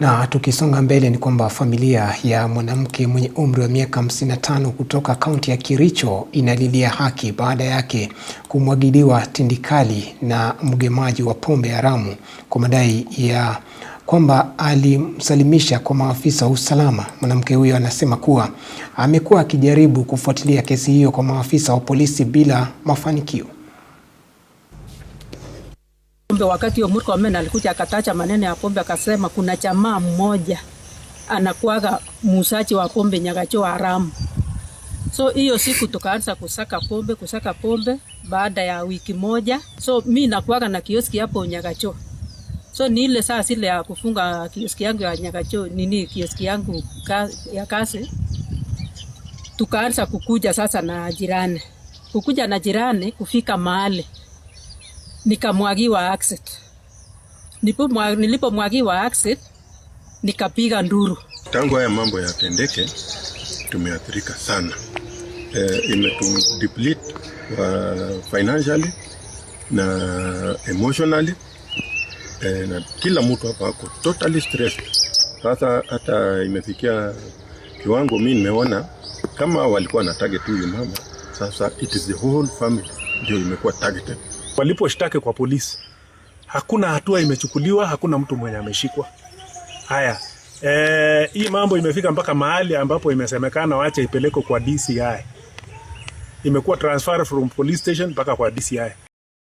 Na tukisonga mbele ni kwamba familia ya mwanamke mwenye umri wa miaka 55 kutoka kaunti ya Kericho inalilia haki baada yake kumwagiliwa tindikali na mgemaji wa pombe haramu kwa madai ya kwamba alimsalimisha kwa maafisa wa usalama. Mwanamke huyo anasema kuwa amekuwa akijaribu kufuatilia kesi hiyo kwa maafisa wa polisi bila mafanikio. Kumbe wakati huo Murkomen alikuja akatacha maneno ya pombe, akasema kuna jamaa mmoja anakuaga muuzaji wa pombe Nyagacho haramu. So hiyo siku tukaanza kusaka pombe, kusaka pombe baada ya wiki moja. So mi nakuaga na kioski hapo Nyagacho. So ni ile saa sile ya kufunga kioski yangu ya Nyagacho, nini kioski yangu ka, ya kasi. Tukaanza kukuja sasa na jirani. Kukuja na jirani kufika mahali nikamwagiwa acid. Nilipomwagiwa acid nikapiga nduru. Tangu haya mambo yatendeke, tumeathirika sana e, uh, financially na emotionally e, na kila mtu hapa ako totally stressed. Sasa hata imefikia kiwango, mimi nimeona kama walikuwa na target huyu mama, sasa it is the whole family ndio imekuwa targeted waliposhtaki kwa polisi, hakuna hatua imechukuliwa, hakuna mtu mwenye ameshikwa. Haya, e, hii mambo imefika mpaka mahali ambapo imesemekana waache ipelekwe kwa DCI, imekuwa transfer from police station mpaka kwa DCI.